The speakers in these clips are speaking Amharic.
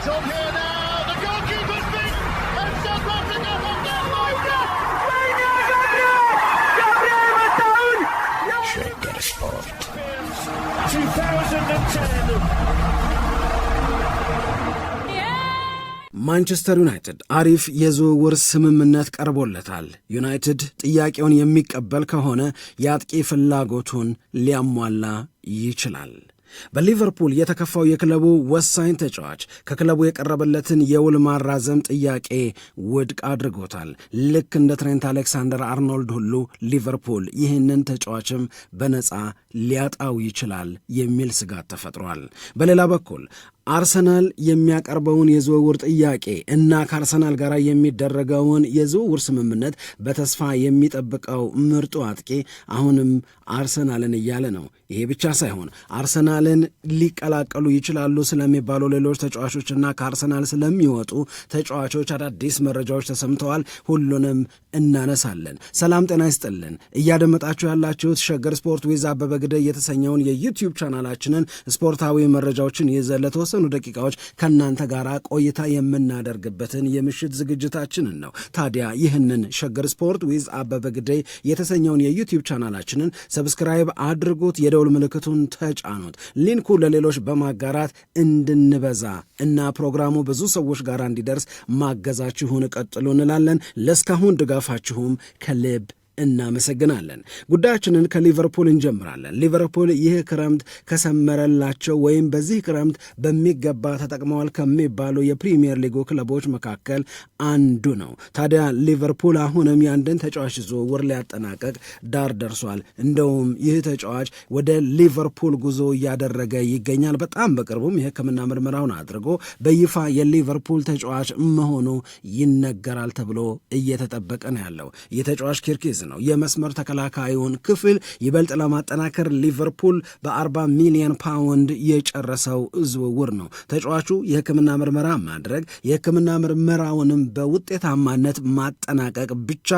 It's on here now. The goalkeeper's and South Africa Sport 2010 ማንቸስተር ዩናይትድ አሪፍ የዝውውር ስምምነት ቀርቦለታል። ዩናይትድ ጥያቄውን የሚቀበል ከሆነ የአጥቂ ፍላጎቱን ሊያሟላ ይችላል። በሊቨርፑል የተከፋው የክለቡ ወሳኝ ተጫዋች ከክለቡ የቀረበለትን የውል ማራዘም ጥያቄ ውድቅ አድርጎታል። ልክ እንደ ትሬንት አሌክሳንደር አርኖልድ ሁሉ ሊቨርፑል ይህንን ተጫዋችም በነፃ ሊያጣው ይችላል የሚል ስጋት ተፈጥሯል። በሌላ በኩል አርሰናል የሚያቀርበውን የዝውውር ጥያቄ እና ከአርሰናል ጋር የሚደረገውን የዝውውር ስምምነት በተስፋ የሚጠብቀው ምርጡ አጥቂ አሁንም አርሰናልን እያለ ነው። ይሄ ብቻ ሳይሆን አርሰናልን ሊቀላቀሉ ይችላሉ ስለሚባሉ ሌሎች ተጫዋቾችና ከአርሰናል ስለሚወጡ ተጫዋቾች አዳዲስ መረጃዎች ተሰምተዋል። ሁሉንም እናነሳለን። ሰላም ጤና ይስጥልን። እያደመጣችሁ ያላችሁት ሸገር ስፖርት ዊዝ አበበ ግደይ የተሰኘውን የዩትዩብ ቻናላችንን ስፖርታዊ መረጃዎችን ይዘን ለተወሰኑ ደቂቃዎች ከእናንተ ጋር ቆይታ የምናደርግበትን የምሽት ዝግጅታችንን ነው። ታዲያ ይህንን ሸገር ስፖርት ዊዝ አበበ ግደይ የተሰኘውን የዩትዩብ ቻናላችንን ሰብስክራይብ አድርጉት። የደውል ምልክቱን ተጫኑት። ሊንኩ ለሌሎች በማጋራት እንድንበዛ እና ፕሮግራሙ ብዙ ሰዎች ጋር እንዲደርስ ማገዛችሁን ቀጥሉ እንላለን። ለእስካሁን ድጋፋችሁም ከልብ እናመሰግናለን። ጉዳያችንን ከሊቨርፑል እንጀምራለን። ሊቨርፑል ይህ ክረምት ከሰመረላቸው ወይም በዚህ ክረምት በሚገባ ተጠቅመዋል ከሚባሉ የፕሪምየር ሊጉ ክለቦች መካከል አንዱ ነው። ታዲያ ሊቨርፑል አሁንም ያንድን ተጫዋች ዝውውር ሊያጠናቀቅ ዳር ደርሷል። እንደውም ይህ ተጫዋች ወደ ሊቨርፑል ጉዞ እያደረገ ይገኛል። በጣም በቅርቡም የሕክምና ምርመራውን አድርጎ በይፋ የሊቨርፑል ተጫዋች መሆኑ ይነገራል ተብሎ እየተጠበቀ ነው ያለው። የተጫዋች ኪርኪዝ ነው። የመስመር ተከላካዩን ክፍል ይበልጥ ለማጠናከር ሊቨርፑል በ40 ሚሊዮን ፓውንድ የጨረሰው ዝውውር ነው። ተጫዋቹ የሕክምና ምርመራ ማድረግ የሕክምና ምርመራውንም በውጤታማነት ማጠናቀቅ ብቻ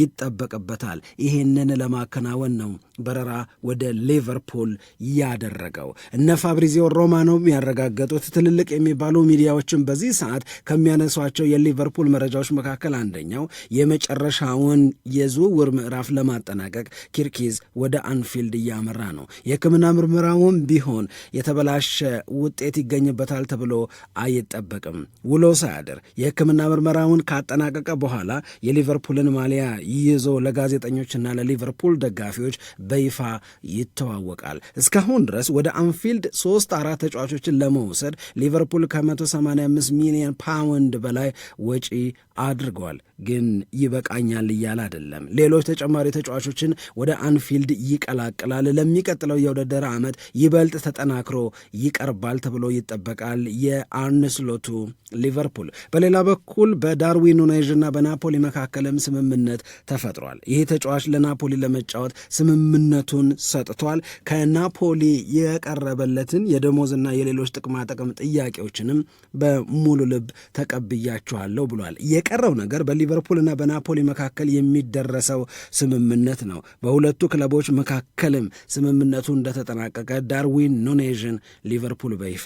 ይጠበቅበታል። ይህንን ለማከናወን ነው በረራ ወደ ሊቨርፑል ያደረገው። እነ ፋብሪዚዮ ሮማኖ ያረጋገጡት ትልልቅ የሚባሉ ሚዲያዎችን በዚህ ሰዓት ከሚያነሷቸው የሊቨርፑል መረጃዎች መካከል አንደኛው የመጨረሻውን የዝውውር ምዕራፍ ለማጠናቀቅ ኪርኪዝ ወደ አንፊልድ እያመራ ነው። የሕክምና ምርመራውም ቢሆን የተበላሸ ውጤት ይገኝበታል ተብሎ አይጠበቅም። ውሎ ሳያድር የሕክምና ምርመራውን ካጠናቀቀ በኋላ የሊቨርፑልን ማሊያ ይዞ ለጋዜጠኞችና ለሊቨርፑል ደጋፊዎች በይፋ ይተዋወቃል። እስካሁን ድረስ ወደ አንፊልድ ሶስት አራት ተጫዋቾችን ለመውሰድ ሊቨርፑል ከ185 ሚሊዮን ፓውንድ በላይ ወጪ አድርጓል። ግን ይበቃኛል እያለ አይደለም። ሌሎች ተጨማሪ ተጫዋቾችን ወደ አንፊልድ ይቀላቅላል። ለሚቀጥለው የውድድር ዓመት ይበልጥ ተጠናክሮ ይቀርባል ተብሎ ይጠበቃል የአርንስሎቱ ሊቨርፑል። በሌላ በኩል በዳርዊን ኑኔዥና በናፖሊ መካከልም ስምምነት ተፈጥሯል። ይህ ተጫዋች ለናፖሊ ለመጫወት ስምምነት ስምምነቱን ሰጥቷል። ከናፖሊ የቀረበለትን የደሞዝና የሌሎች ጥቅማ ጥቅም ጥያቄዎችንም በሙሉ ልብ ተቀብያችኋለሁ ብሏል። የቀረው ነገር በሊቨርፑልና በናፖሊ መካከል የሚደረሰው ስምምነት ነው። በሁለቱ ክለቦች መካከልም ስምምነቱ እንደተጠናቀቀ ዳርዊን ኑኔዥን ሊቨርፑል በይፋ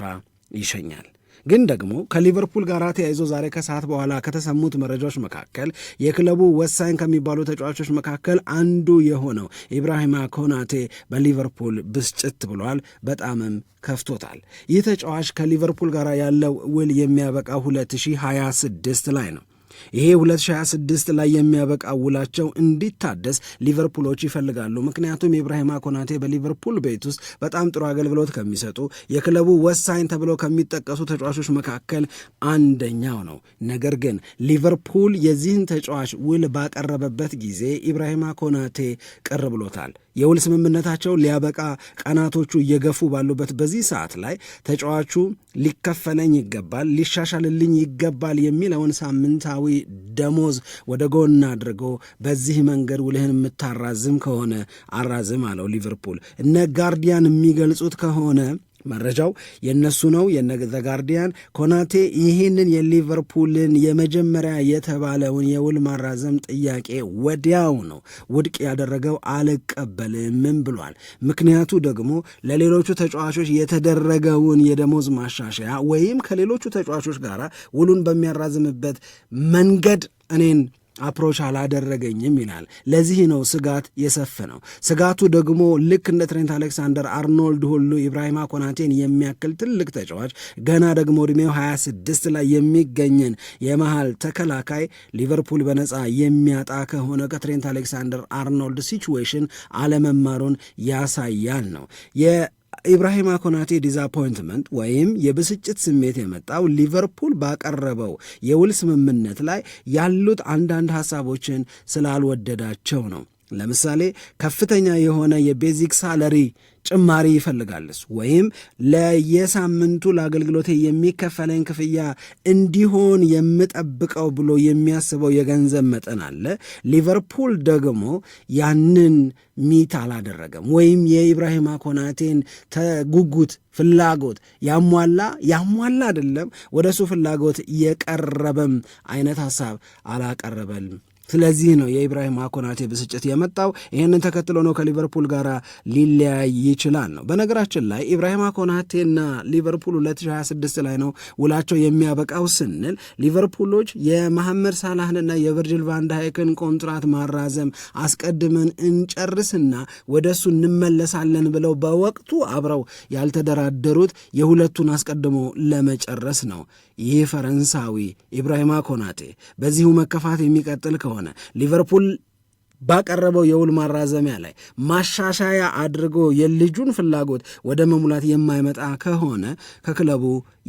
ይሸኛል። ግን ደግሞ ከሊቨርፑል ጋር ተያይዞ ዛሬ ከሰዓት በኋላ ከተሰሙት መረጃዎች መካከል የክለቡ ወሳኝ ከሚባሉ ተጫዋቾች መካከል አንዱ የሆነው ኢብራሂማ ኮናቴ በሊቨርፑል ብስጭት ብሏል። በጣምም ከፍቶታል። ይህ ተጫዋች ከሊቨርፑል ጋር ያለው ውል የሚያበቃ 2026 ላይ ነው። ይሄ 2026 ላይ የሚያበቃ ውላቸው እንዲታደስ ሊቨርፑሎች ይፈልጋሉ። ምክንያቱም ኢብራሂማ ኮናቴ በሊቨርፑል ቤት ውስጥ በጣም ጥሩ አገልግሎት ከሚሰጡ የክለቡ ወሳኝ ተብለው ከሚጠቀሱ ተጫዋቾች መካከል አንደኛው ነው። ነገር ግን ሊቨርፑል የዚህን ተጫዋች ውል ባቀረበበት ጊዜ ኢብራሂማ ኮናቴ ቅር ብሎታል። የውል ስምምነታቸው ሊያበቃ ቀናቶቹ እየገፉ ባሉበት በዚህ ሰዓት ላይ ተጫዋቹ ሊከፈለኝ ይገባል፣ ሊሻሻልልኝ ይገባል የሚለውን ሳምንታዊ ደሞዝ ወደ ጎን አድርጎ በዚህ መንገድ ውልህን የምታራዝም ከሆነ አራዝም አለው ሊቨርፑል። እነ ጋርዲያን የሚገልጹት ከሆነ መረጃው የእነሱ ነው የነዘ ጋርዲያን። ኮናቴ ይህንን የሊቨርፑልን የመጀመሪያ የተባለውን የውል ማራዘም ጥያቄ ወዲያው ነው ውድቅ ያደረገው። አልቀበልምም ብሏል። ምክንያቱ ደግሞ ለሌሎቹ ተጫዋቾች የተደረገውን የደሞዝ ማሻሻያ ወይም ከሌሎቹ ተጫዋቾች ጋር ውሉን በሚያራዝምበት መንገድ እኔን አፕሮች አላደረገኝም ይላል። ለዚህ ነው ስጋት የሰፈነው። ስጋቱ ደግሞ ልክ እንደ ትሬንት አሌክሳንደር አርኖልድ ሁሉ ኢብራሂማ ኮናቴን የሚያክል ትልቅ ተጫዋች ገና ደግሞ እድሜው 26 ላይ የሚገኝን የመሃል ተከላካይ ሊቨርፑል በነፃ የሚያጣ ከሆነ ከትሬንት አሌክሳንደር አርኖልድ ሲችዌሽን አለመማሩን ያሳያል ነው ኢብራሂማ ኮናቴ ዲዛፖይንትመንት ወይም የብስጭት ስሜት የመጣው ሊቨርፑል ባቀረበው የውል ስምምነት ላይ ያሉት አንዳንድ ሀሳቦችን ስላልወደዳቸው ነው። ለምሳሌ ከፍተኛ የሆነ የቤዚክ ሳለሪ ጭማሪ ይፈልጋልስ ወይም ለየሳምንቱ ለአገልግሎቴ የሚከፈለኝ ክፍያ እንዲሆን የምጠብቀው ብሎ የሚያስበው የገንዘብ መጠን አለ። ሊቨርፑል ደግሞ ያንን ሚት አላደረገም፣ ወይም የኢብራሂማ ኮናቴን ተጉጉት ፍላጎት ያሟላ ያሟላ አይደለም፣ ወደሱ ፍላጎት የቀረበም አይነት ሀሳብ አላቀረበልም ስለዚህ ነው የኢብራሂም አኮናቴ ብስጭት የመጣው። ይህንን ተከትሎ ነው ከሊቨርፑል ጋር ሊለያይ ይችላል ነው። በነገራችን ላይ ኢብራሂም አኮናቴና ሊቨርፑል 2026 ላይ ነው ውላቸው የሚያበቃው ስንል ሊቨርፑሎች የመሐመድ ሳላህንና የቨርጅል ቫንዳይክን ኮንትራት ማራዘም አስቀድመን እንጨርስና ወደ እሱ እንመለሳለን ብለው በወቅቱ አብረው ያልተደራደሩት የሁለቱን አስቀድሞ ለመጨረስ ነው። ይህ ፈረንሳዊ ኢብራሂም አኮናቴ በዚሁ መከፋት የሚቀጥል ከሆነ ከሆነ ሊቨርፑል ባቀረበው የውል ማራዘሚያ ላይ ማሻሻያ አድርጎ የልጁን ፍላጎት ወደ መሙላት የማይመጣ ከሆነ ከክለቡ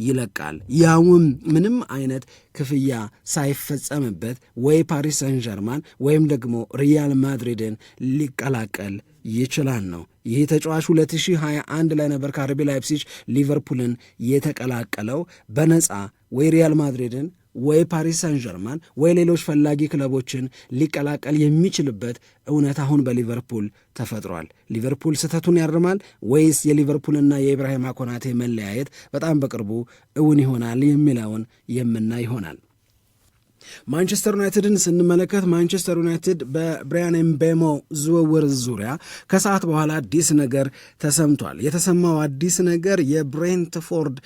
ይለቃል። ያውም ምንም አይነት ክፍያ ሳይፈጸምበት ወይ ፓሪስ ሰን ጀርማን ወይም ደግሞ ሪያል ማድሪድን ሊቀላቀል ይችላል ነው። ይህ ተጫዋች 2021 ላይ ነበር ከአርቢ ላይፕሲጅ ሊቨርፑልን የተቀላቀለው በነፃ ወይ ሪያል ማድሪድን ወይ ፓሪስ ሳን ጀርማን ወይ ሌሎች ፈላጊ ክለቦችን ሊቀላቀል የሚችልበት እውነት አሁን በሊቨርፑል ተፈጥሯል። ሊቨርፑል ስህተቱን ያርማል ወይስ የሊቨርፑልና የኢብራሂም አኮናቴ መለያየት በጣም በቅርቡ እውን ይሆናል የሚለውን የምናይ ይሆናል። ማንቸስተር ዩናይትድን ስንመለከት ማንቸስተር ዩናይትድ በብሪያን ኤምቤሞ ዝውውር ዙሪያ ከሰዓት በኋላ አዲስ ነገር ተሰምቷል። የተሰማው አዲስ ነገር የብሬንትፎርድ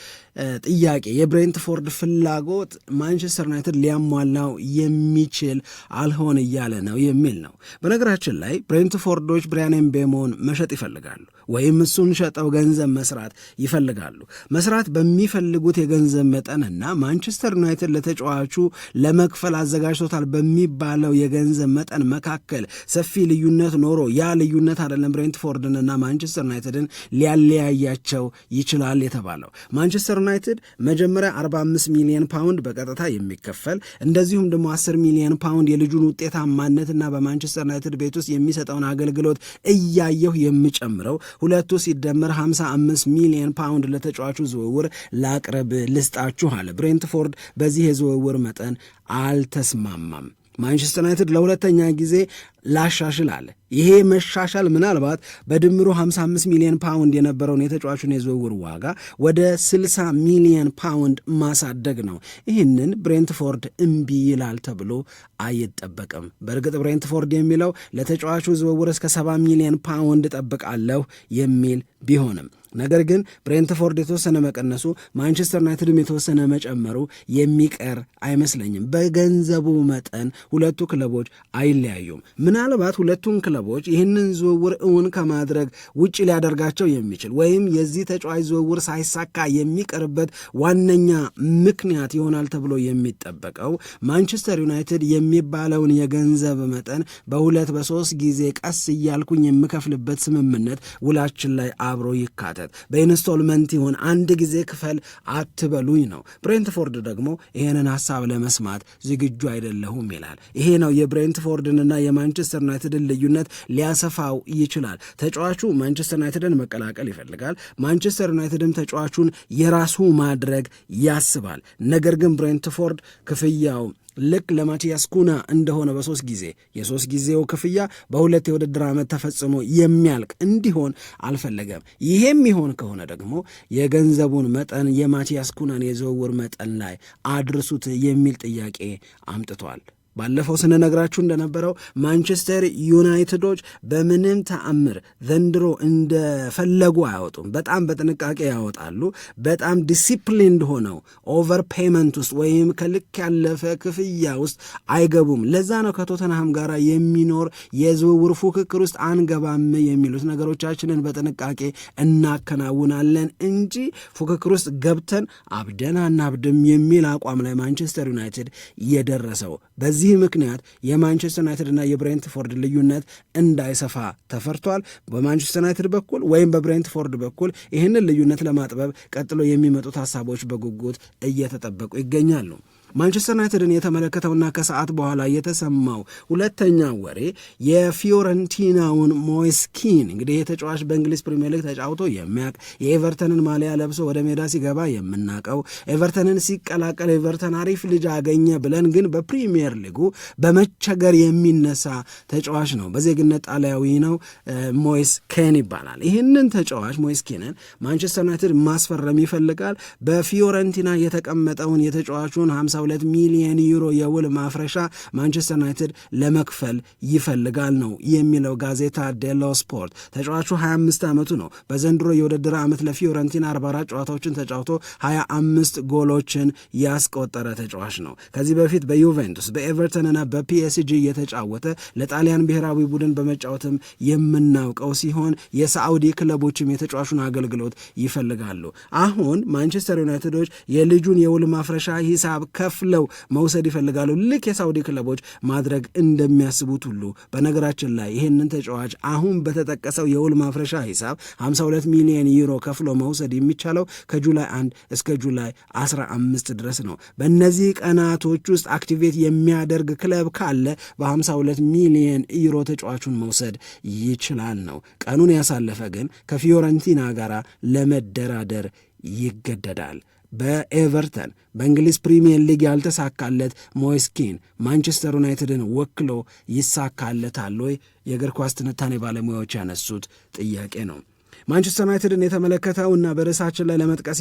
ጥያቄ፣ የብሬንትፎርድ ፍላጎት ማንቸስተር ዩናይትድ ሊያሟላው የሚችል አልሆን እያለ ነው የሚል ነው። በነገራችን ላይ ብሬንትፎርዶች ብሪያን ኤምቤሞን መሸጥ ይፈልጋሉ ወይም እሱን ሸጠው ገንዘብ መስራት ይፈልጋሉ። መስራት በሚፈልጉት የገንዘብ መጠንና ማንቸስተር ዩናይትድ ለተጫዋቹ ለመ ክፍል አዘጋጅቶታል በሚባለው የገንዘብ መጠን መካከል ሰፊ ልዩነት ኖሮ ያ ልዩነት አይደለም እና ማንቸስተር ዩናይትድን ሊያለያያቸው ይችላል የተባለው። ማንቸስተር ዩናይትድ መጀመሪያ 45 ሚሊዮን ፓውንድ በቀጥታ የሚከፈል እንደዚሁም ደግሞ 10 ሚሊዮን ፓውንድ የልጁን ውጤታማነትና በማንቸስተር ዩናይትድ ቤት ውስጥ የሚሰጠውን አገልግሎት እያየሁ የምጨምረው ሁለቱ ሲደመር 55 ሚሊዮን ፓውንድ ለተጫዋቹ ዝውውር ላቅርብ ልስጣችሁ አለ። ብሬንትፎርድ በዚህ የዝውውር መጠን አልተስማማም። ማንቸስተር ዩናይትድ ለሁለተኛ ጊዜ ላሻሽል አለ። ይሄ መሻሻል ምናልባት በድምሩ 55 ሚሊዮን ፓውንድ የነበረውን የተጫዋቹን የዝውውር ዋጋ ወደ 60 ሚሊዮን ፓውንድ ማሳደግ ነው። ይህንን ብሬንትፎርድ እምቢ ይላል ተብሎ አይጠበቅም። በእርግጥ ብሬንትፎርድ የሚለው ለተጫዋቹ ዝውውር እስከ 70 ሚሊዮን ፓውንድ ጠብቃለሁ የሚል ቢሆንም ነገር ግን ብሬንትፎርድ የተወሰነ መቀነሱ ማንቸስተር ዩናይትድም የተወሰነ መጨመሩ የሚቀር አይመስለኝም። በገንዘቡ መጠን ሁለቱ ክለቦች አይለያዩም። ምናልባት ሁለቱን ክለቦች ይህንን ዝውውር እውን ከማድረግ ውጭ ሊያደርጋቸው የሚችል ወይም የዚህ ተጫዋች ዝውውር ሳይሳካ የሚቀርበት ዋነኛ ምክንያት ይሆናል ተብሎ የሚጠበቀው ማንቸስተር ዩናይትድ የሚባለውን የገንዘብ መጠን በሁለት በሶስት ጊዜ ቀስ እያልኩኝ የምከፍልበት ስምምነት ውላችን ላይ አብሮ ይካተት። በኢንስቶልመንት ይሁን አንድ ጊዜ ክፈል አትበሉኝ ነው። ብሬንትፎርድ ደግሞ ይሄንን ሀሳብ ለመስማት ዝግጁ አይደለሁም ይላል። ይሄ ነው የብሬንትፎርድንና የማንቸስተር ማንቸስተር ዩናይትድን ልዩነት ሊያሰፋው ይችላል። ተጫዋቹ ማንቸስተር ዩናይትድን መቀላቀል ይፈልጋል። ማንቸስተር ዩናይትድም ተጫዋቹን የራሱ ማድረግ ያስባል። ነገር ግን ብሬንትፎርድ ክፍያው ልክ ለማቲያስ ኩና እንደሆነ በሶስት ጊዜ የሶስት ጊዜው ክፍያ በሁለት የውድድር ዓመት ተፈጽሞ የሚያልቅ እንዲሆን አልፈለገም። ይሄም ይሆን ከሆነ ደግሞ የገንዘቡን መጠን የማቲያስ ኩናን የዝውውር መጠን ላይ አድርሱት የሚል ጥያቄ አምጥቷል። ባለፈው ስንነግራችሁ እንደነበረው ማንቸስተር ዩናይትዶች በምንም ተአምር ዘንድሮ እንደፈለጉ አያወጡም። በጣም በጥንቃቄ ያወጣሉ። በጣም ዲሲፕሊንድ ሆነው ኦቨር ፔመንት ውስጥ ወይም ከልክ ያለፈ ክፍያ ውስጥ አይገቡም። ለዛ ነው ከቶተንሃም ጋር የሚኖር የዝውውር ፉክክር ውስጥ አንገባም የሚሉት ነገሮቻችንን በጥንቃቄ እናከናውናለን እንጂ ፉክክር ውስጥ ገብተን አብደን አናብድም የሚል አቋም ላይ ማንቸስተር ዩናይትድ የደረሰው በዚህ በዚህ ምክንያት የማንቸስተር ዩናይትድ እና የብሬንትፎርድ ልዩነት እንዳይሰፋ ተፈርቷል። በማንቸስተር ዩናይትድ በኩል ወይም በብሬንትፎርድ በኩል ይህንን ልዩነት ለማጥበብ ቀጥሎ የሚመጡት ሀሳቦች በጉጉት እየተጠበቁ ይገኛሉ። ማንቸስተር ዩናይትድን የተመለከተውና ከሰዓት በኋላ የተሰማው ሁለተኛ ወሬ የፊዮረንቲናውን ሞይስ ኪን እንግዲህ የተጫዋች በእንግሊዝ ፕሪምየር ሊግ ተጫውቶ የሚያውቅ የኤቨርተንን ማሊያ ለብሶ ወደ ሜዳ ሲገባ የምናውቀው ኤቨርተንን ሲቀላቀል ኤቨርተን አሪፍ ልጅ አገኘ ብለን ግን በፕሪሚየር ሊጉ በመቸገር የሚነሳ ተጫዋች ነው። በዜግነት ጣሊያዊ ነው። ሞይስ ኬን ይባላል። ይህንን ተጫዋች ሞይስ ኬንን ማንቸስተር ዩናይትድ ማስፈረም ይፈልጋል። በፊዮረንቲና የተቀመጠውን የተጫዋቹን ሃምሳ 32 ሚሊየን ዩሮ የውል ማፍረሻ ማንቸስተር ዩናይትድ ለመክፈል ይፈልጋል ነው የሚለው ጋዜታ ዴሎ ስፖርት። ተጫዋቹ 25 ዓመቱ ነው። በዘንድሮ የውድድር ዓመት ለፊዮረንቲና 44 ጨዋታዎችን ተጫውቶ 25 ጎሎችን ያስቆጠረ ተጫዋች ነው። ከዚህ በፊት በዩቬንቱስ በኤቨርተንና በፒኤስጂ የተጫወተ ለጣሊያን ብሔራዊ ቡድን በመጫወትም የምናውቀው ሲሆን የሳዑዲ ክለቦችም የተጫዋቹን አገልግሎት ይፈልጋሉ። አሁን ማንቸስተር ዩናይትዶች የልጁን የውል ማፍረሻ ሂሳብ ከፍ ከፍለው መውሰድ ይፈልጋሉ። ልክ የሳውዲ ክለቦች ማድረግ እንደሚያስቡት ሁሉ በነገራችን ላይ ይህንን ተጫዋች አሁን በተጠቀሰው የውል ማፍረሻ ሂሳብ 52 ሚሊዮን ዩሮ ከፍሎ መውሰድ የሚቻለው ከጁላይ 1 እስከ ጁላይ 15 ድረስ ነው። በእነዚህ ቀናቶች ውስጥ አክቲቬት የሚያደርግ ክለብ ካለ በ52 ሚሊዮን ዩሮ ተጫዋቹን መውሰድ ይችላል ነው። ቀኑን ያሳለፈ ግን ከፊዮረንቲና ጋር ለመደራደር ይገደዳል። በኤቨርተን በእንግሊዝ ፕሪሚየር ሊግ ያልተሳካለት ሞይስኪን ማንቸስተር ዩናይትድን ወክሎ ይሳካለታል ወይ? የእግር ኳስ ትንታኔ ባለሙያዎች ያነሱት ጥያቄ ነው። ማንቸስተር ዩናይትድን የተመለከተውና በርዕሳችን ላይ ለመጥቀስ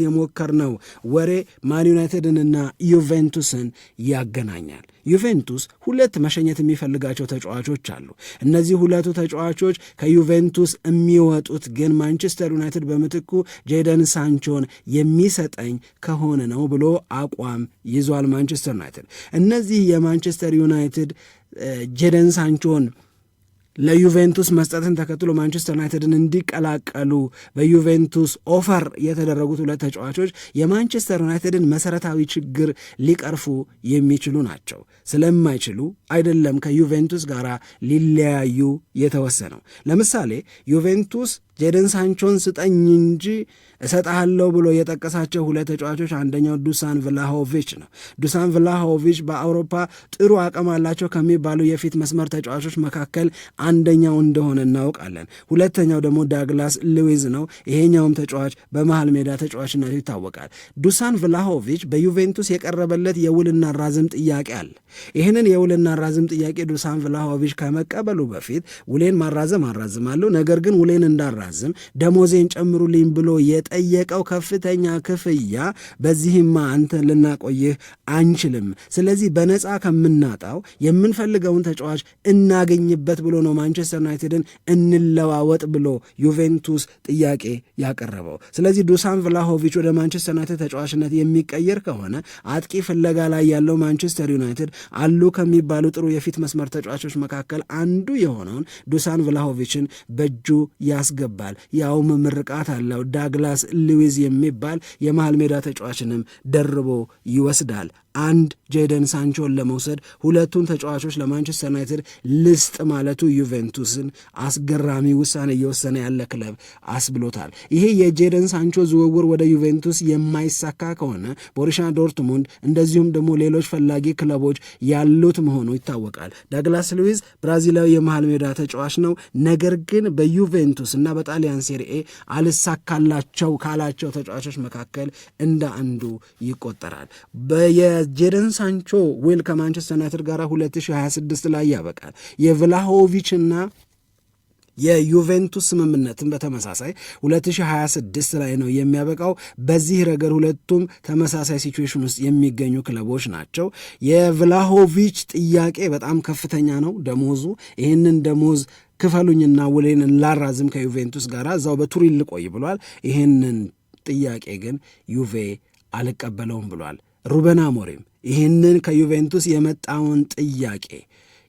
ነው ወሬ ማን ዩናይትድንና ዩቬንቱስን ያገናኛል። ዩቬንቱስ ሁለት መሸኘት የሚፈልጋቸው ተጫዋቾች አሉ። እነዚህ ሁለቱ ተጫዋቾች ከዩቬንቱስ የሚወጡት ግን ማንቸስተር ዩናይትድ በምትኩ ጄደን ሳንቾን የሚሰጠኝ ከሆነ ነው ብሎ አቋም ይዟል ማንቸስተር ዩናይትድ። እነዚህ የማንቸስተር ዩናይትድ ጄደን ሳንቾን ለዩቬንቱስ መስጠትን ተከትሎ ማንቸስተር ዩናይትድን እንዲቀላቀሉ በዩቬንቱስ ኦፈር የተደረጉት ሁለት ተጫዋቾች የማንቸስተር ዩናይትድን መሰረታዊ ችግር ሊቀርፉ የሚችሉ ናቸው። ስለማይችሉ አይደለም ከዩቬንቱስ ጋር ሊለያዩ የተወሰነው። ለምሳሌ ዩቬንቱስ ጄደን ሳንቾን ስጠኝ እንጂ እሰጥሃለሁ ብሎ የጠቀሳቸው ሁለት ተጫዋቾች አንደኛው ዱሳን ቭላሆቪች ነው። ዱሳን ቭላሆቪች በአውሮፓ ጥሩ አቅም አላቸው ከሚባሉ የፊት መስመር ተጫዋቾች መካከል አንደኛው እንደሆነ እናውቃለን። ሁለተኛው ደግሞ ዳግላስ ሉዊዝ ነው። ይሄኛውም ተጫዋች በመሃል ሜዳ ተጫዋችነቱ ይታወቃል። ዱሳን ቭላሆቪች በዩቬንቱስ የቀረበለት የውልና ራዝም ጥያቄ አለ። ይህንን የውልና ራዝም ጥያቄ ዱሳን ቭላሆቪች ከመቀበሉ በፊት ውሌን ማራዘም አራዝማለሁ፣ ነገር ግን ውሌን እንዳራ ሲያራዝም ደሞዜን ጨምሩልኝ ብሎ የጠየቀው ከፍተኛ ክፍያ በዚህማ አንተ ልናቆይህ አንችልም፣ ስለዚህ በነፃ ከምናጣው የምንፈልገውን ተጫዋች እናገኝበት ብሎ ነው ማንቸስተር ዩናይትድን እንለዋወጥ ብሎ ዩቬንቱስ ጥያቄ ያቀረበው። ስለዚህ ዱሳን ቭላሆቪች ወደ ማንቸስተር ዩናይትድ ተጫዋችነት የሚቀየር ከሆነ አጥቂ ፍለጋ ላይ ያለው ማንቸስተር ዩናይትድ አሉ ከሚባሉ ጥሩ የፊት መስመር ተጫዋቾች መካከል አንዱ የሆነውን ዱሳን ቭላሆቪችን በእጁ ያስገባል። የሚባል ያውም ምርቃት አለው ዳግላስ ሉዊዝ የሚባል የመሃል ሜዳ ተጫዋችንም ደርቦ ይወስዳል። አንድ ጄደን ሳንቾን ለመውሰድ ሁለቱን ተጫዋቾች ለማንቸስተር ዩናይትድ ልስጥ ማለቱ ዩቬንቱስን አስገራሚ ውሳኔ እየወሰነ ያለ ክለብ አስብሎታል። ይሄ የጄደን ሳንቾ ዝውውር ወደ ዩቬንቱስ የማይሳካ ከሆነ ቦሩሲያ ዶርትሙንድ እንደዚሁም ደግሞ ሌሎች ፈላጊ ክለቦች ያሉት መሆኑ ይታወቃል። ዳግላስ ሉዊዝ ብራዚላዊ የመሃል ሜዳ ተጫዋች ነው። ነገር ግን በዩቬንቱስ እና በጣሊያን ሴሪኤ አልሳካላቸው ካላቸው ተጫዋቾች መካከል እንደ አንዱ ይቆጠራል። የጄደን ሳንቾ ዌል ከማንቸስተር ዩናይትድ ጋር 2026 ላይ ያበቃል። የቭላሆቪችና የዩቬንቱስ ስምምነትን በተመሳሳይ 2026 ላይ ነው የሚያበቃው። በዚህ ረገድ ሁለቱም ተመሳሳይ ሲቹዌሽን ውስጥ የሚገኙ ክለቦች ናቸው። የቭላሆቪች ጥያቄ በጣም ከፍተኛ ነው። ደሞዙ ይህንን ደሞዝ ክፈሉኝና ውሌን ላራዝም ከዩቬንቱስ ጋር እዛው በቱሪን ልቆይ ብሏል። ይህንን ጥያቄ ግን ዩቬ አልቀበለውም ብሏል። ሩበን አሞሪም ይህንን ከዩቬንቱስ የመጣውን ጥያቄ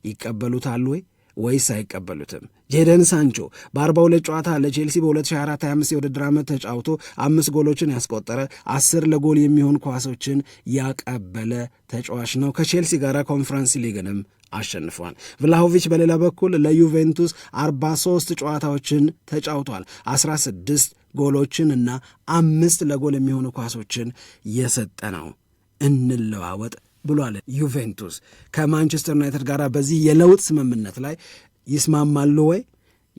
ይቀበሉታል ወይ ወይስ አይቀበሉትም? ጄደን ሳንቾ በ42 ጨዋታ ለቼልሲ በ2024/25 የውድድር ዓመት ተጫውቶ አምስት ጎሎችን ያስቆጠረ አስር ለጎል የሚሆን ኳሶችን ያቀበለ ተጫዋች ነው። ከቼልሲ ጋር ኮንፈረንስ ሊግንም አሸንፏል። ቭላሆቪች በሌላ በኩል ለዩቬንቱስ 43 ጨዋታዎችን ተጫውቷል። 16 ጎሎችን እና አምስት ለጎል የሚሆኑ ኳሶችን የሰጠ ነው። እንለዋወጥ ብሏል። ዩቬንቱስ ከማንቸስተር ዩናይትድ ጋር በዚህ የለውጥ ስምምነት ላይ ይስማማሉ ወይ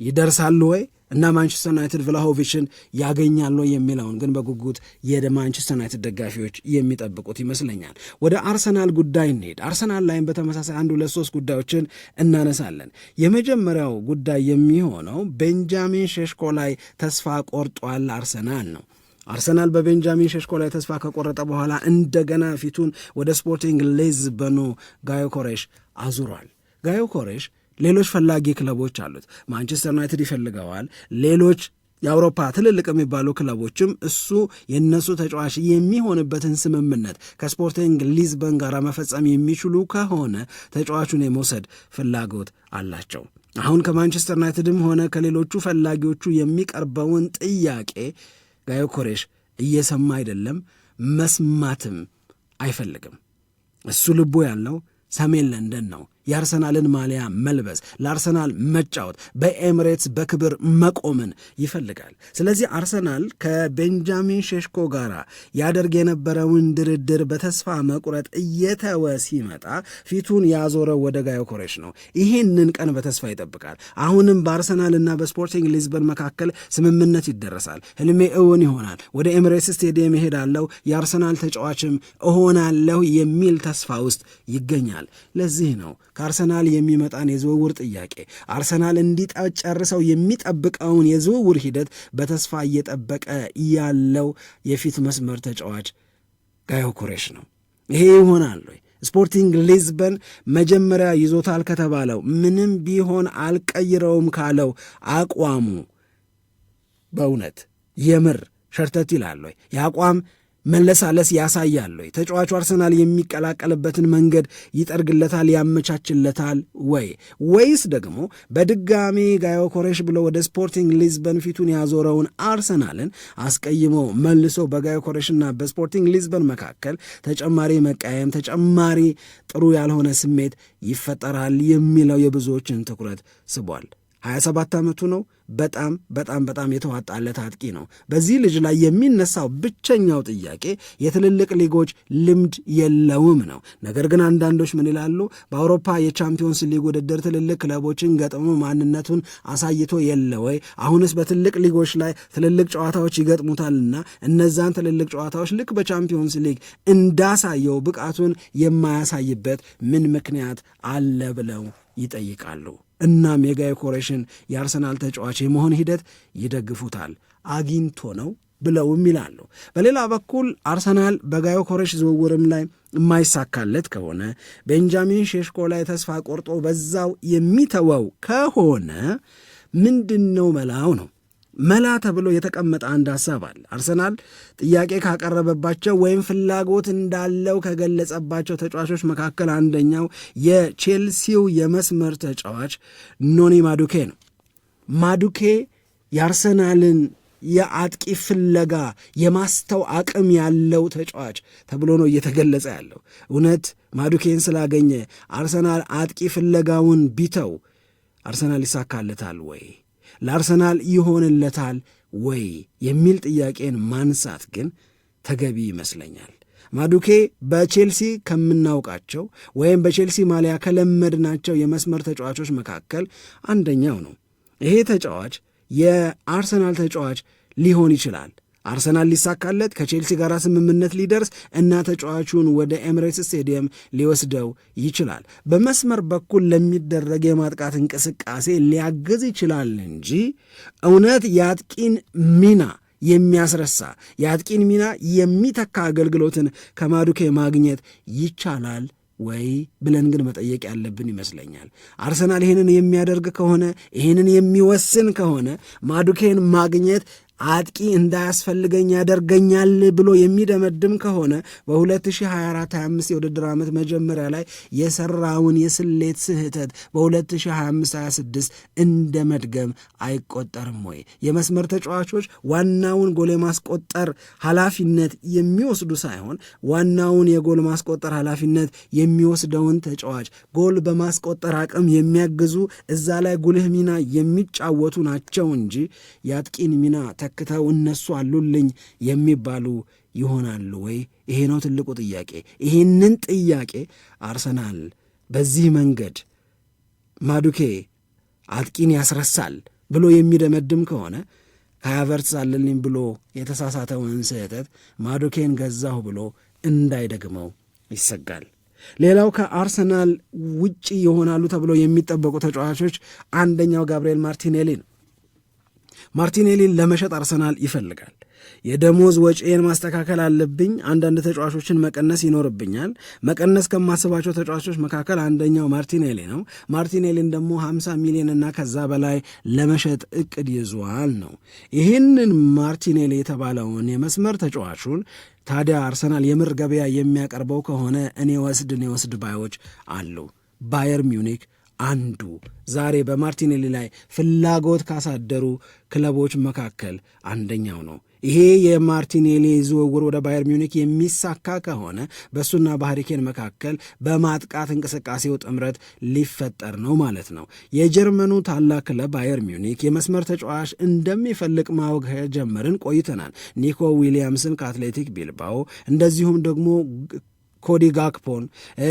ይደርሳሉ ወይ እና ማንቸስተር ዩናይትድ ቭላሆቪችን ያገኛሉ የሚለውን ግን በጉጉት የማንቸስተር ዩናይትድ ደጋፊዎች የሚጠብቁት ይመስለኛል። ወደ አርሰናል ጉዳይ እንሄድ። አርሰናል ላይም በተመሳሳይ አንድ ሁለት ሶስት ጉዳዮችን እናነሳለን። የመጀመሪያው ጉዳይ የሚሆነው ቤንጃሚን ሸሽኮ ላይ ተስፋ ቆርጧል አርሰናል ነው። አርሰናል በቤንጃሚን ሸሽኮ ላይ ተስፋ ከቆረጠ በኋላ እንደገና ፊቱን ወደ ስፖርቲንግ ሊዝበኑ ጋዮ ኮሬሽ አዙሯል። ጋዮ ኮሬሽ ሌሎች ፈላጊ ክለቦች አሉት። ማንቸስተር ዩናይትድ ይፈልገዋል። ሌሎች የአውሮፓ ትልልቅ የሚባሉ ክለቦችም እሱ የእነሱ ተጫዋች የሚሆንበትን ስምምነት ከስፖርቲንግ ሊዝበን ጋር መፈጸም የሚችሉ ከሆነ ተጫዋቹን የመውሰድ ፍላጎት አላቸው። አሁን ከማንቸስተር ዩናይትድም ሆነ ከሌሎቹ ፈላጊዎቹ የሚቀርበውን ጥያቄ ጋዮ ኮሬሽ እየሰማ አይደለም፣ መስማትም አይፈልግም። እሱ ልቡ ያለው ሰሜን ለንደን ነው። የአርሰናልን ማሊያ መልበስ ለአርሰናል መጫወት በኤምሬትስ በክብር መቆምን ይፈልጋል። ስለዚህ አርሰናል ከቤንጃሚን ሼሽኮ ጋር ያደርግ የነበረውን ድርድር በተስፋ መቁረጥ እየተወ ሲመጣ ፊቱን ያዞረው ወደ ጋዮ ኮሬሽ ነው። ይህንን ቀን በተስፋ ይጠብቃል። አሁንም በአርሰናልና በስፖርቲንግ ሊዝበን መካከል ስምምነት ይደረሳል። ህልሜ እውን ይሆናል፣ ወደ ኤምሬትስ ስቴዲየም እሄዳለሁ፣ የአርሰናል ተጫዋችም እሆናለሁ የሚል ተስፋ ውስጥ ይገኛል። ለዚህ ነው ከአርሰናል የሚመጣን የዝውውር ጥያቄ አርሰናል እንዲጨርሰው የሚጠብቀውን የዝውውር ሂደት በተስፋ እየጠበቀ ያለው የፊት መስመር ተጫዋች ጋዮ ኩሬሽ ነው። ይሄ ይሆናል ወይ? ስፖርቲንግ ሊዝበን መጀመሪያ ይዞታል ከተባለው ምንም ቢሆን አልቀይረውም ካለው አቋሙ በእውነት የምር ሸርተት ይላል ወይ? የአቋም መለሳለስ ያሳያል ወይ? ተጫዋቹ አርሰናል የሚቀላቀልበትን መንገድ ይጠርግለታል፣ ያመቻችለታል ወይ? ወይስ ደግሞ በድጋሜ ጋዮ ኮሬሽ ብሎ ወደ ስፖርቲንግ ሊዝበን ፊቱን ያዞረውን አርሰናልን አስቀይሞ መልሶ በጋዮ ኮሬሽና በስፖርቲንግ ሊዝበን መካከል ተጨማሪ መቃየም፣ ተጨማሪ ጥሩ ያልሆነ ስሜት ይፈጠራል የሚለው የብዙዎችን ትኩረት ስቧል። 27 ዓመቱ ነው። በጣም በጣም በጣም የተዋጣለት አጥቂ ነው። በዚህ ልጅ ላይ የሚነሳው ብቸኛው ጥያቄ የትልልቅ ሊጎች ልምድ የለውም ነው። ነገር ግን አንዳንዶች ምን ይላሉ? በአውሮፓ የቻምፒዮንስ ሊግ ውድድር ትልልቅ ክለቦችን ገጥሞ ማንነቱን አሳይቶ የለ ወይ? አሁንስ በትልቅ ሊጎች ላይ ትልልቅ ጨዋታዎች ይገጥሙታልና እነዛን ትልልቅ ጨዋታዎች ልክ በቻምፒዮንስ ሊግ እንዳሳየው ብቃቱን የማያሳይበት ምን ምክንያት አለ ብለው ይጠይቃሉ። እናም የጋይ ኮሬሽን የአርሰናል ተጫዋች የመሆን ሂደት ይደግፉታል አግኝቶ ነው ብለውም ይላሉ። በሌላ በኩል አርሰናል በጋዮ ኮሬሽ ዝውውርም ላይ የማይሳካለት ከሆነ ቤንጃሚን ሼሽኮ ላይ ተስፋ ቆርጦ በዛው የሚተወው ከሆነ ምንድን ነው መላው ነው? መላ ተብሎ የተቀመጠ አንድ ሀሳብ አለ። አርሰናል ጥያቄ ካቀረበባቸው ወይም ፍላጎት እንዳለው ከገለጸባቸው ተጫዋቾች መካከል አንደኛው የቼልሲው የመስመር ተጫዋች ኖኒ ማዱኬ ነው። ማዱኬ የአርሰናልን የአጥቂ ፍለጋ የማስተው አቅም ያለው ተጫዋች ተብሎ ነው እየተገለጸ ያለው። እውነት ማዱኬን ስላገኘ አርሰናል አጥቂ ፍለጋውን ቢተው አርሰናል ይሳካለታል ወይ? ለአርሰናል ይሆንለታል ወይ የሚል ጥያቄን ማንሳት ግን ተገቢ ይመስለኛል። ማዱኬ በቼልሲ ከምናውቃቸው ወይም በቼልሲ ማሊያ ከለመድናቸው የመስመር ተጫዋቾች መካከል አንደኛው ነው። ይሄ ተጫዋች የአርሰናል ተጫዋች ሊሆን ይችላል አርሰናል ሊሳካለት ከቼልሲ ጋር ስምምነት ሊደርስ እና ተጫዋቹን ወደ ኤምሬትስ ስቴዲየም ሊወስደው ይችላል። በመስመር በኩል ለሚደረግ የማጥቃት እንቅስቃሴ ሊያግዝ ይችላል እንጂ እውነት የአጥቂን ሚና የሚያስረሳ የአጥቂን ሚና የሚተካ አገልግሎትን ከማዱኬ ማግኘት ይቻላል ወይ ብለን ግን መጠየቅ ያለብን ይመስለኛል። አርሰናል ይህንን የሚያደርግ ከሆነ ይህንን የሚወስን ከሆነ ማዱኬን ማግኘት አጥቂ እንዳያስፈልገኝ ያደርገኛል ብሎ የሚደመድም ከሆነ በ2024/25 የውድድር ዓመት መጀመሪያ ላይ የሰራውን የስሌት ስህተት በ2025/26 እንደ መድገም አይቆጠርም ወይ? የመስመር ተጫዋቾች ዋናውን ጎል የማስቆጠር ኃላፊነት የሚወስዱ ሳይሆን ዋናውን የጎል ማስቆጠር ኃላፊነት የሚወስደውን ተጫዋች ጎል በማስቆጠር አቅም የሚያግዙ እዛ ላይ ጉልህ ሚና የሚጫወቱ ናቸው እንጂ የአጥቂን ሚና ተክተው እነሱ አሉልኝ የሚባሉ ይሆናሉ ወይ? ይሄ ነው ትልቁ ጥያቄ። ይህንን ጥያቄ አርሰናል በዚህ መንገድ ማዱኬ አጥቂን ያስረሳል ብሎ የሚደመድም ከሆነ ከሀቨርትዝ አለልኝ ብሎ የተሳሳተውን ስህተት ማዱኬን ገዛሁ ብሎ እንዳይደግመው ይሰጋል። ሌላው ከአርሰናል ውጪ ይሆናሉ ተብሎ የሚጠበቁ ተጫዋቾች አንደኛው ጋብርኤል ማርቲኔሊ ነው። ማርቲኔሊን ለመሸጥ አርሰናል ይፈልጋል። የደሞዝ ወጪን ማስተካከል አለብኝ፣ አንዳንድ ተጫዋቾችን መቀነስ ይኖርብኛል። መቀነስ ከማስባቸው ተጫዋቾች መካከል አንደኛው ማርቲኔሊ ነው። ማርቲኔሊን ደግሞ 50 ሚሊዮንና ከዛ በላይ ለመሸጥ እቅድ ይዟል ነው። ይህንን ማርቲኔሊ የተባለውን የመስመር ተጫዋቹን ታዲያ አርሰናል የምር ገበያ የሚያቀርበው ከሆነ እኔ ወስድ እኔ ወስድ ባዮች አሉ ባየር ሚውኒክ አንዱ ዛሬ በማርቲኔሊ ላይ ፍላጎት ካሳደሩ ክለቦች መካከል አንደኛው ነው። ይሄ የማርቲኔሊ ዝውውር ወደ ባየር ሚኒክ የሚሳካ ከሆነ በእሱና ባህሪኬን መካከል በማጥቃት እንቅስቃሴው ጥምረት ሊፈጠር ነው ማለት ነው። የጀርመኑ ታላቅ ክለብ ባየር ሚኒክ የመስመር ተጫዋች እንደሚፈልግ ማወቅ ጀመርን ቆይተናል። ኒኮ ዊሊያምስን ከአትሌቲክ ቢልባኦ እንደዚሁም ደግሞ ኮዲ ጋክፖን፣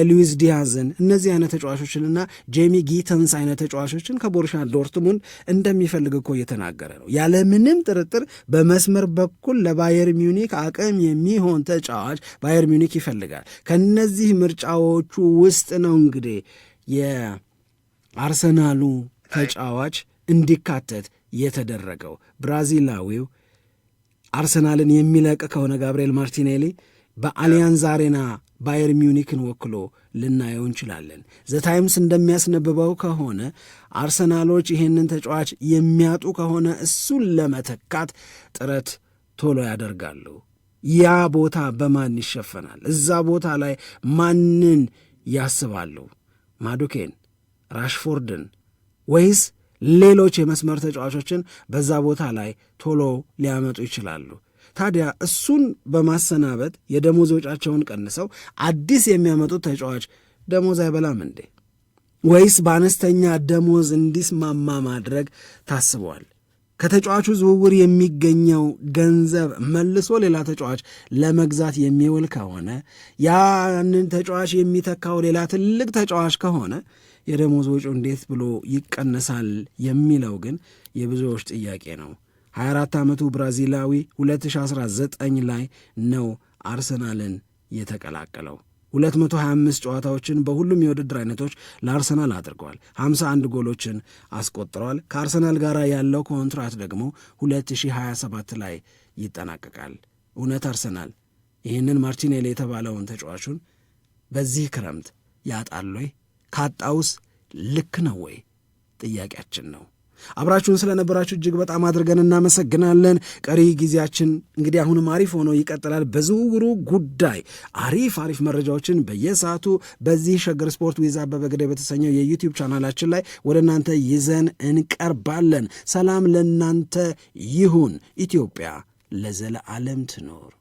ሉዊስ ዲያዝን እነዚህ አይነት ተጫዋቾችንና ጄሚ ጊተንስ አይነት ተጫዋቾችን ከቦርሻ ዶርትሙንድ እንደሚፈልግ እኮ እየተናገረ ነው። ያለምንም ጥርጥር በመስመር በኩል ለባየር ሚኒክ አቅም የሚሆን ተጫዋች ባየር ሚዩኒክ ይፈልጋል። ከነዚህ ምርጫዎቹ ውስጥ ነው እንግዲህ የአርሰናሉ ተጫዋች እንዲካተት የተደረገው ብራዚላዊው አርሰናልን የሚለቅ ከሆነ ጋብርኤል ማርቲኔሊ በአሊያንዝ አሬና ባየር ሚውኒክን ወክሎ ልናየው እንችላለን። ዘታይምስ እንደሚያስነብበው ከሆነ አርሰናሎች ይህንን ተጫዋች የሚያጡ ከሆነ እሱን ለመተካት ጥረት ቶሎ ያደርጋሉ። ያ ቦታ በማን ይሸፈናል? እዛ ቦታ ላይ ማንን ያስባሉ? ማዱኬን፣ ራሽፎርድን ወይስ ሌሎች የመስመር ተጫዋቾችን በዛ ቦታ ላይ ቶሎ ሊያመጡ ይችላሉ? ታዲያ እሱን በማሰናበት የደሞዝ ወጫቸውን ቀንሰው አዲስ የሚያመጡት ተጫዋች ደሞዝ አይበላም እንዴ? ወይስ በአነስተኛ ደሞዝ እንዲስማማ ማድረግ ታስበዋል? ከተጫዋቹ ዝውውር የሚገኘው ገንዘብ መልሶ ሌላ ተጫዋች ለመግዛት የሚውል ከሆነ ያንን ተጫዋች የሚተካው ሌላ ትልቅ ተጫዋች ከሆነ የደሞዝ ወጪው እንዴት ብሎ ይቀነሳል የሚለው ግን የብዙዎች ጥያቄ ነው። 24 ዓመቱ ብራዚላዊ 2019 ላይ ነው አርሰናልን የተቀላቀለው። 225 ጨዋታዎችን በሁሉም የውድድር አይነቶች ለአርሰናል አድርገዋል። 51 ጎሎችን አስቆጥረዋል። ከአርሰናል ጋር ያለው ኮንትራት ደግሞ 2027 ላይ ይጠናቀቃል። እውነት አርሰናል ይህንን ማርቲኔል የተባለውን ተጫዋቹን በዚህ ክረምት ያጣል ወይ? ካጣውስ ልክ ነው ወይ? ጥያቄያችን ነው። አብራችሁን ስለነበራችሁ እጅግ በጣም አድርገን እናመሰግናለን። ቀሪ ጊዜያችን እንግዲህ አሁንም አሪፍ ሆኖ ይቀጥላል። በዝውውሩ ጉዳይ አሪፍ አሪፍ መረጃዎችን በየሰዓቱ በዚህ ሸገር ስፖርት ዊዛ አበበ ግደይ በተሰኘው የዩቲዩብ ቻናላችን ላይ ወደ እናንተ ይዘን እንቀርባለን። ሰላም ለእናንተ ይሁን። ኢትዮጵያ ለዘለዓለም ትኖር።